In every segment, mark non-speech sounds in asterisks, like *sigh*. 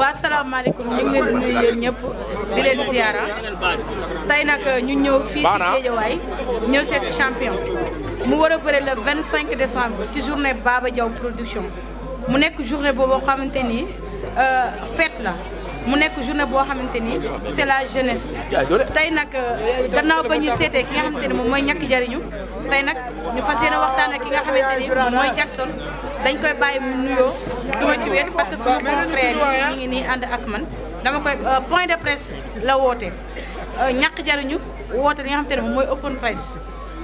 waa salaamaaleykum ñu ngi leen di ñëpp di leen ziara tey nag ñu ñëw fii si Géejawaay ñëw seeti champion mu war a bëre vingt cinq décembre ci journée Baba Diaw production mu nekk journée boobu xamante ni euh, fête la mu nekk journée boo xamante ni c'est la jeunesse tey nag euh, gannaaw ba ñu seetee ki nga xamante ni moom mooy ñàkk jariñu tey nag ñu fas yéene waxtaan a ki nga xamante ni mooy Jackson dañ koy bàyyi mu nuyoo duma ci wéet parce que suñu confrère yi ngi nii ànd ak man dama koy euh, point de presse la woote euh, ñàkk jariñu woote li nga xam te ne mooy open presse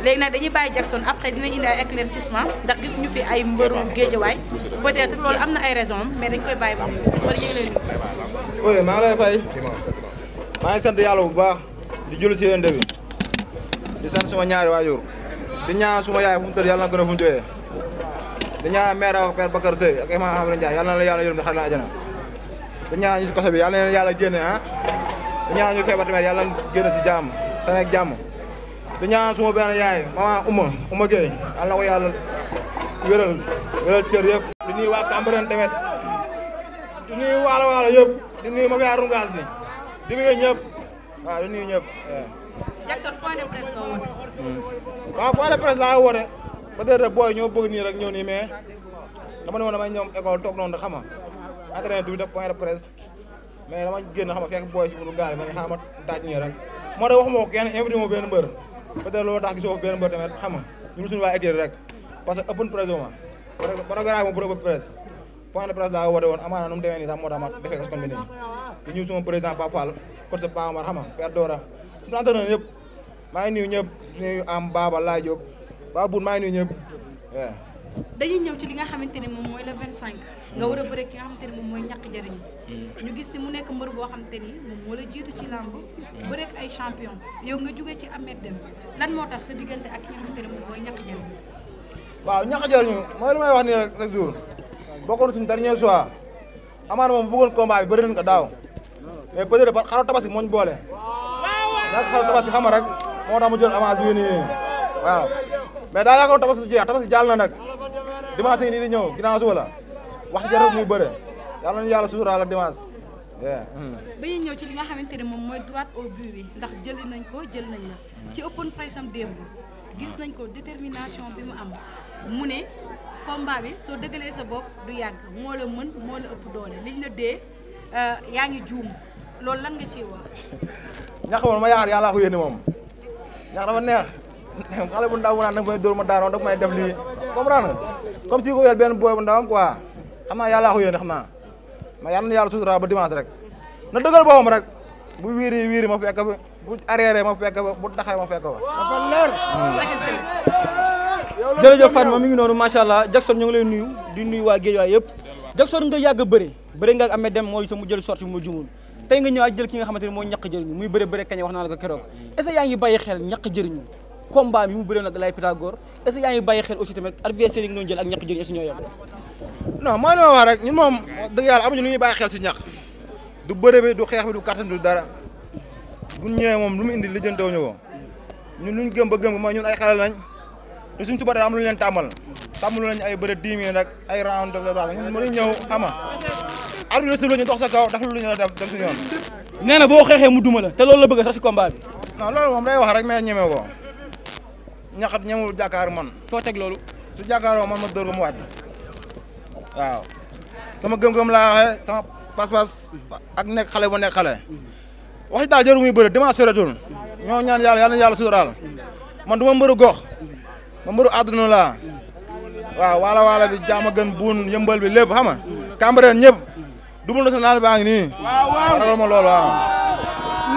léegi nag dañuy bàyyi Jackson après dina indi ay éclaircissement ndax gis ñu fi ay mbëru géejawaay peut-être loolu am na ay raison mais dañ koy bàyyi ba wala ñu ngi lay nuyu. yàlla bu baax di julli si yéen bi di sant suma ñaari waajur di ñaan suma yaay fu mu yàlla na gën di ñaanal maire aw père Bakar Seye ak imam Amadou Ndiaye yàlla na la yàlla yërëm di xarit la ajana di ñaanal ñu si kaso bi yàlla na leen yàlla génne ah di ñaanal ñu feebar tamit yàlla na génn si jàmm te nekk jàmm di suma benn yaay maman Ouma Ouma Gueye yàlla na ko yàlla wéral wéral cër yëpp di nuyu waa Cambérène tamit di nuyu waalo waalo yëpp di nuyu ma fiyaa rungaas bi di nuyu ñëpp waaw di nuyu ñëpp Jackson point de hmm. de presse laa woote peut-être rek booy ñoo bëgg nii rek ñëw nii mais dama ne woon damay ñoom école toog noonu xam nga entraîné du def point de presse mais dama génn xam nga fekk booy si bu gaale ma ne xaaral ma daaj nii rek moo tax waxuma ko kenn ma benn mbër peut-être loolu tax gisoo benn mbër tamit xam nga ñun suñu waa équipe rek parce que ëppoon presse ma programme pour ëpp presse point de presse laa woote woon amaana nu mu demee nii sax moo tax ma defee ko si commune bi ñëw suma président Pape Fall côté Pape Amar xam nga Père Dora suñu entraîneur yëpp maa ngi nuyu ñëpp nuyu am waaw buun maa ngi nuyu ñëpp dañuy ñëw ci li nga xamante ne moom mooy le 25. nga war a bëre ki nga xamante ne moom mooy ñàkk jariñ mm. ñu gis ni mu nekk mbër boo xamante ni moom moo la jiitu ci làmb mm. bu rek ay champion yow nga jóge ci Ahmed Deme lan moo tax sa diggante moom mooy lu may wax ni rek chaque jour bokkoon suñu dernier choix amaana moom bëggoon combat bi bëri nañ ko daaw mais peut être ba xaru tabaski moo boole. waaw xaru tabaski xam moo tax ma jël avance bi waaw. mais daa yaakaar tabaski jeex tabaski jàll na nag dimanche nii di ñëw ginnaaw suba la wax jarul muy bëre yàlla na yàlla suturaal ak dimanche. Hmm. dañuy ñëw ci li nga xamante ne moom mooy droit au but ndax jëli nañ ko jël nañ la ci open press am démb gis nañ ko détermination bi mu am mu ne combat bi soo dëggalee sa bopp du yàgg moo la mën moo la ëpp doole liñ la dee euh, yaa ngi juum loolu lan nga ci wax. *laughs* ñax moom ma yaakaar yàlla ko yéene moom ñax dafa xale bu ndaw ma naan nag may dóor ma daanoo nag may def lii comprendre comme si ko weer benn booy bu ndawam quoi xam naa yàlla ko yéene xam naa ma yàlla na yàlla sutura ba dimanche rek na dëggal boobam rek bu wiiri wiiri ma fekk bu arrière ma fekk bu taxaw ma fekk fa dafa leer hmm. jërëjëf Fatma mi ngi noonu macha allah Jackson ñu ngi lay nuyu di nuyu waa géej waay yëpp Jackson nga yàgg bëri bëri nga ak amee dem mooy sa mu jël sorti mu jumul tey nga ñëwaat jël ki nga xamante ne mooy ñàkk jëriñu muy bëri bëri wax naa la ko keroog est-ce que yaa ngi bàyyi combat bi mu bëree nag lay Pythagore est-ce que yaa ngi bàyyi xel aussi tamit adversaire yi nga doon jël ak ñàkk jël est-ce que ñoo lu ñuy bàyyi si ñàkk du bëre du xeex du kàttan du dara bu ñëwee moom lu mu indi lijjantewuñu ko ñun luñ gëm ba gëm mooy ñun ay xelal nañ te suñ tubaab am lu leen tàmmal tàmmalu nañ ay bëre dix minutes ay round daf la ñun mënuñ ñëw ama arbitre su ñu dox yoon boo xeexee mu duma la te loolu la bëgg sax si combat bi non loolu moom day wax rek mais ñemee ko nga xam ñemewul jàkkaar man soo teg loolu su jàkkaaroo man ma dóor ko mu wàcc waaw sama gëm-gëm laa waxee sama pas-pas ak nekk xale bu nekk xale wax daa jëru muy bëri dama soretul ñoo ñaan yàlla yàlla na yàlla suturaal man du ma mbëru gox ma mbëru àdduna laa waaw waala waala bi jaama gën buun yëmbal bi lépp xam nga Cambérène ñëpp dubul national baa ngi nii waral ma loolu waaw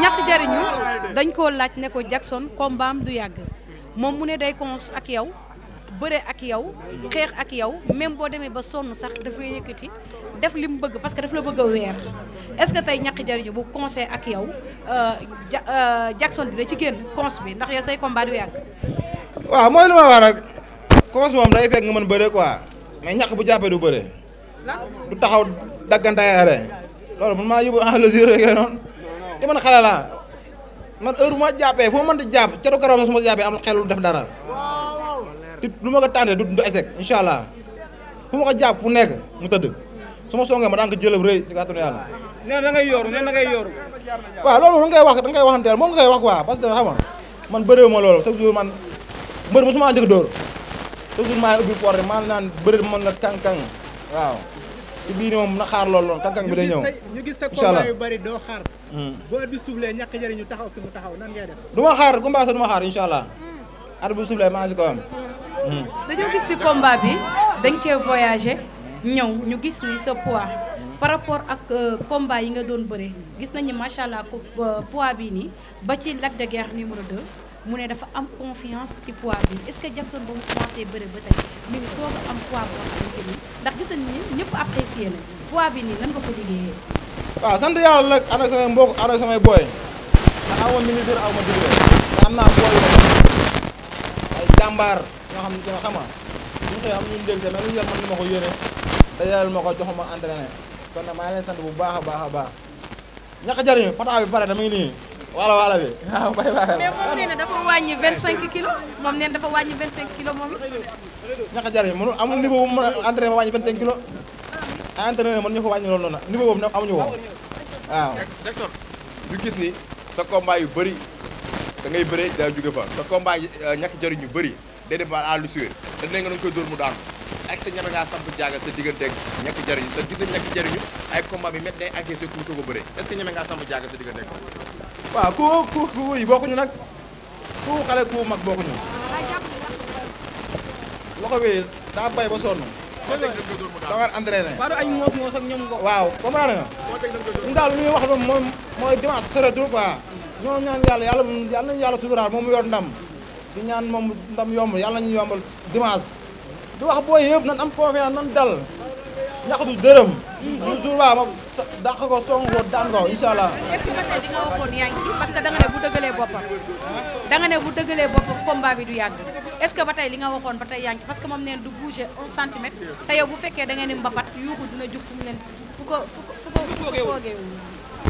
ñàkk jariñu dañ koo laaj ne ko Jackson combat am du yàgg moom mu ne day cons ak yow bëre ak yow xeex ak yow même boo demee ba sonn sax daf lay yëkkati def li mu bëgg parce que daf la bëgg a weer est-ce que tey ñàkk jariñu bu conseil ak yow euh, euh, Jackson dina ci génn cons bi ndax yow say combat du yàgg. waaw mooy lu ma wax rek cons moom day fekk nga mën bëre quoi mais ñàkk bu jàppee du bëre. du taxaw daggantaay are loolu man maa yóbbu en loisir *laughs* rek noonu di man man heure ma jàppee fu ma mënta jàpp catu karaw su ma jàppee am xelul def dara te lu ma ko tànnee du du échec incha allah fu ma ko jàpp fu nekk mu tëdd su ma songee ma daan ko jëlab rëy si kàttanu yàlla. nee na da ngay na ngay yooru. waaw loolu nga koy wax da nga koy waxanteel moom nga koy wax quoi parce que xam nga man bëreewu ma loolu chaque jour man mbër mosuma njëkk dóor chaque jour maa ngi ubbi porte maa naan bëri mën na kàng kàng waaw. ci biir moom na xaar lool lool kankan bi day ñëw ñu gis sa combat yu bari doo xaar hmm. bu at bi suuflee ñàkk jëriñu taxaw fi mu taxaw nan ngay def du xaar combat sa du ma xaar incha allah hmm. at bu suuflee maa ngi am hmm. dañoo gis ci combat bi dañ cee voyagé ñëw ñu gis ni sa poids par rapport ak euh, combat yi nga doon bëre gis nañu macha ko euh, poids bii nii ba ci Lac de Guiers numéro 2 mu ne dafa am confiance ci poids bi est-ce que Jackson ba mu commencé bëre ba tey mi ngi soog a am poids boo bi nii nga ko waaw sant yàlla nag ànd ak samay am naa booy ay ñoo xam ne xam nga ñu xëy am ñu dégg te ma ko yónnee dajaleel ma ko jox ma entraîné kon nag maa sant bu baax a baax a baax ñàkk jariñu pata bi pare dama ngi nii. wala wala bi waaw bari bari. mais moom nee na dafa wàññi 25 kilos moom nee na dafa wàññi 25 kilos moom it. ñax a jar mënu amul niveau bu mën a entraîné ma wàññi 25 kilos ay ah, ah, entraîné mën ñu ko wàññi loolu noonu niveau boobu nag amuñu ko waaw. Jackson ñu gis ni sa combat yu bari da ngay bëree da jóge fa sa combat euh, ñàkk jariñ yu bëri day def à lu suwéer te nga da nga koy dóor mu daanu. ak sa ñeme ngaa samp jaagal sa digganteeg ñàkk jariñu te gis nañ ñàkk jariñu ay combat bi met day encaissé ku ko bëree est que ñeme ngaa samp jaagal sa digganteeg waaw ku ku ku yi bokkuñu nag ku xale ku mag bokkuñu loxo bi daa bay ba sonn. da war entraîné. ay moos moos ak ñoom nga. ñun daal ñuy wax moom moom mooy dimanche soreetul quoi. ñoo ñaan yàlla yàlla yàlla nañu yàlla suturaal moom mu yor ndam. di ñaan moom ndam yomb yàlla ñu yombal dimanche. di wax booy yëpp nan am confiance nan dal ñax du dërëm. toujours waaw moom dàq ko song ko daan ko incha allah. est ba tey li nga waxoon yaa parce que da ne bu dëgëlee boppam da nga ne bu dëgëlee bi du yàgg est ce que ba tey li nga waxoon ba tey yaa ngi ci parce que moom neen du bouger un centimètre te yow bu fekkee da ne mbapat yuuxu dina jug fu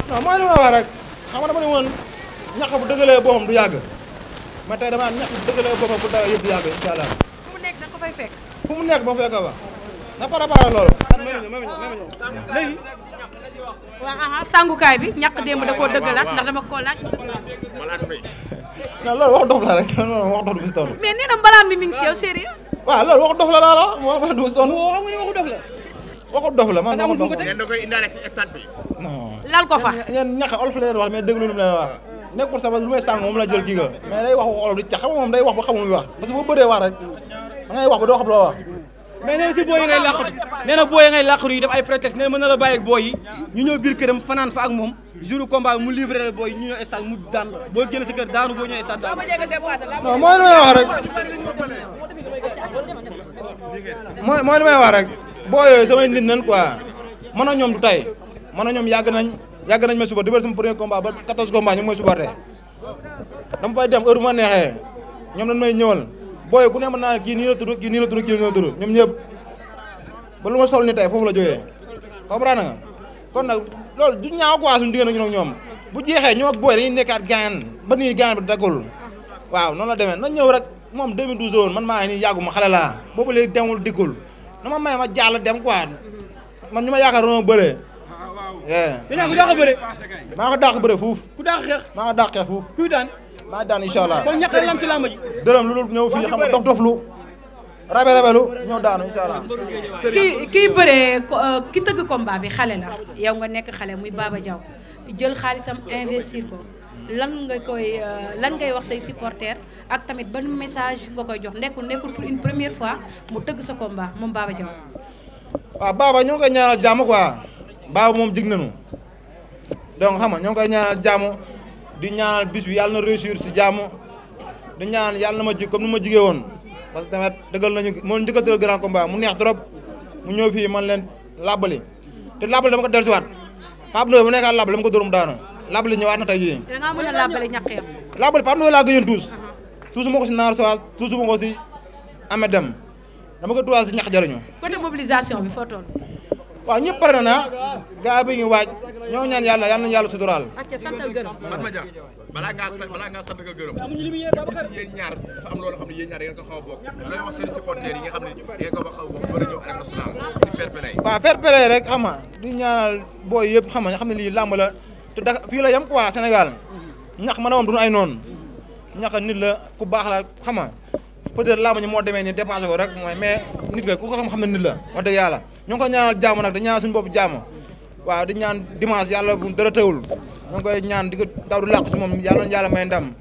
dama ne woon ñax bu dëgëlee boppam du yàgg ma tey dama ñax bu dëgëlee boppam bu dawee yëpp du yàgg incha fu mu nekk ba fekk ba. na préparé loolu. léegi. waaw sangukaay bi ñàkk démb da koo dëggalaat ndax dama koo laaj. non loolu wax dof la rek loolu wax dof du bis doon. mais nee na mbalaan mi mi ngi si yow sérieux. waaw loolu wax dof la laa la wax wax du bis doon. waaw xam nga ni la. waxu dof la man waxu dof koy indaale ci stade bi. non lal ko fa. ngeen ñàkk olof la wax mais déglu lu mu leen wax. nekkul sama lu may sàng moom la jël kii ga mais day wax olof di ca xam moom day wax ba xamul wax parce que bu bëree wax rek da ngay wax ba doo xam loo wax mais nee na si booy yi ngay làqatu nee na ngay làqatu yi def ay prétexte nee na mën na la bàyyi booy yi ñu ñëw biir këram fanaan fa ak moom jour combat mu livré booy ñu ñëw stade mu daan boo génn si kër daanu boo ñëwee stade daanu. non mooy li may wax rek mooy mooy li may wax rek booy yooyu nit nañ quoi man ak ñoom du tey man ak ñoom yàgg nañ yàgg nañ ma suba di bëri sama premier combat ba 14 combat ñu ngi may suba dama fay dem heure neexee ñoom dañ may ñëwal. booy ku ne mën naa kii nii la tudd kii nii la tudd kii nii ba lu ma sol ni tey foofu la jógee comprendre nga kon nag loolu du ñaaw quoi suñu na ñu ak bu jeexee ñoom ak booy dañuy nekkaat gaañan ba nii gaañan bi dagul waaw noonu la demee na ñëw rek moom 2012 woon man maa ngi nii yàgguma xale laa boobu léegi demul dikkul na ma may ma jàll dem quoi man ñu ma yaakaar noonu bëree yaa ku dàq bëre maa ko dàq bëre fuuf ku dàq xeex fuuf maa daan incha dërëm lu dul ñëw fii xam nga dof dof lu rabe rabelu ñëw daanu incha allah kii kii euh, ki tëgg combat bi xale la yow nga nekk xale muy Baba Diaw jël xaalisam investir ko lan nga koy euh, lan ngay wax say supporters ak tamit ban message nga koy jox nekkul nekkul pour une première fois mu tëgg sa combat moom Baba Diaw. waaw Baba ñoo ngi koy ñaanal jàmm quoi Baba moom jig nañu donc xam ñoo ngi ñaanal jàmm di ñaanal bis bi na réussir si jàmm di ñaan yàlla na ma ji comme ni ma jigee woon parce que dëggal nañu moo njëkk a dëggal grand combat mu neex trop mu ñëw fii man leen làbbali te làbbali dama ko dellusiwaat Pape Ndoye bu nekkaat làbbali dama ko dóorum daanu làbbali ñëwaat na tey jii. da ngaa mën a làbbali ñàkk yam. làbbali Pape laa gëjoon tuus. Uh-huh. tuusu ma si Naar Sowaas tuusu ma si Ameth dama ko tuwaat si ñax jariñu. côté mobilisation bi foo toll. pare na naa gars bi ñu waaj. ñoo ñaan yàlla yal nañu yàlla suturaal. ok santal gërëm. Fatma Dia balaa ngaa sant balaa ngaa sant nga gërëm. gis yéen ñaar dafa am loolu a bokk. looy wax nga xam ne yéen ko xaw a bokk bëri ñëw rek xam di ñaanal booy yëpp xam nga xam la te da fii la yem quoi Sénégal ñax ma ne moom du ay noonu la ku baax la xam nga peut la ku ko xam xam ne nit la ñaanal jàmm nag da ñaanal suñu bopp jàmm waaw di ñaan dimanche yàlla bu dara teewul ñu ngi koy ñaan di ko daw di làq si yàlla yàlla may ndam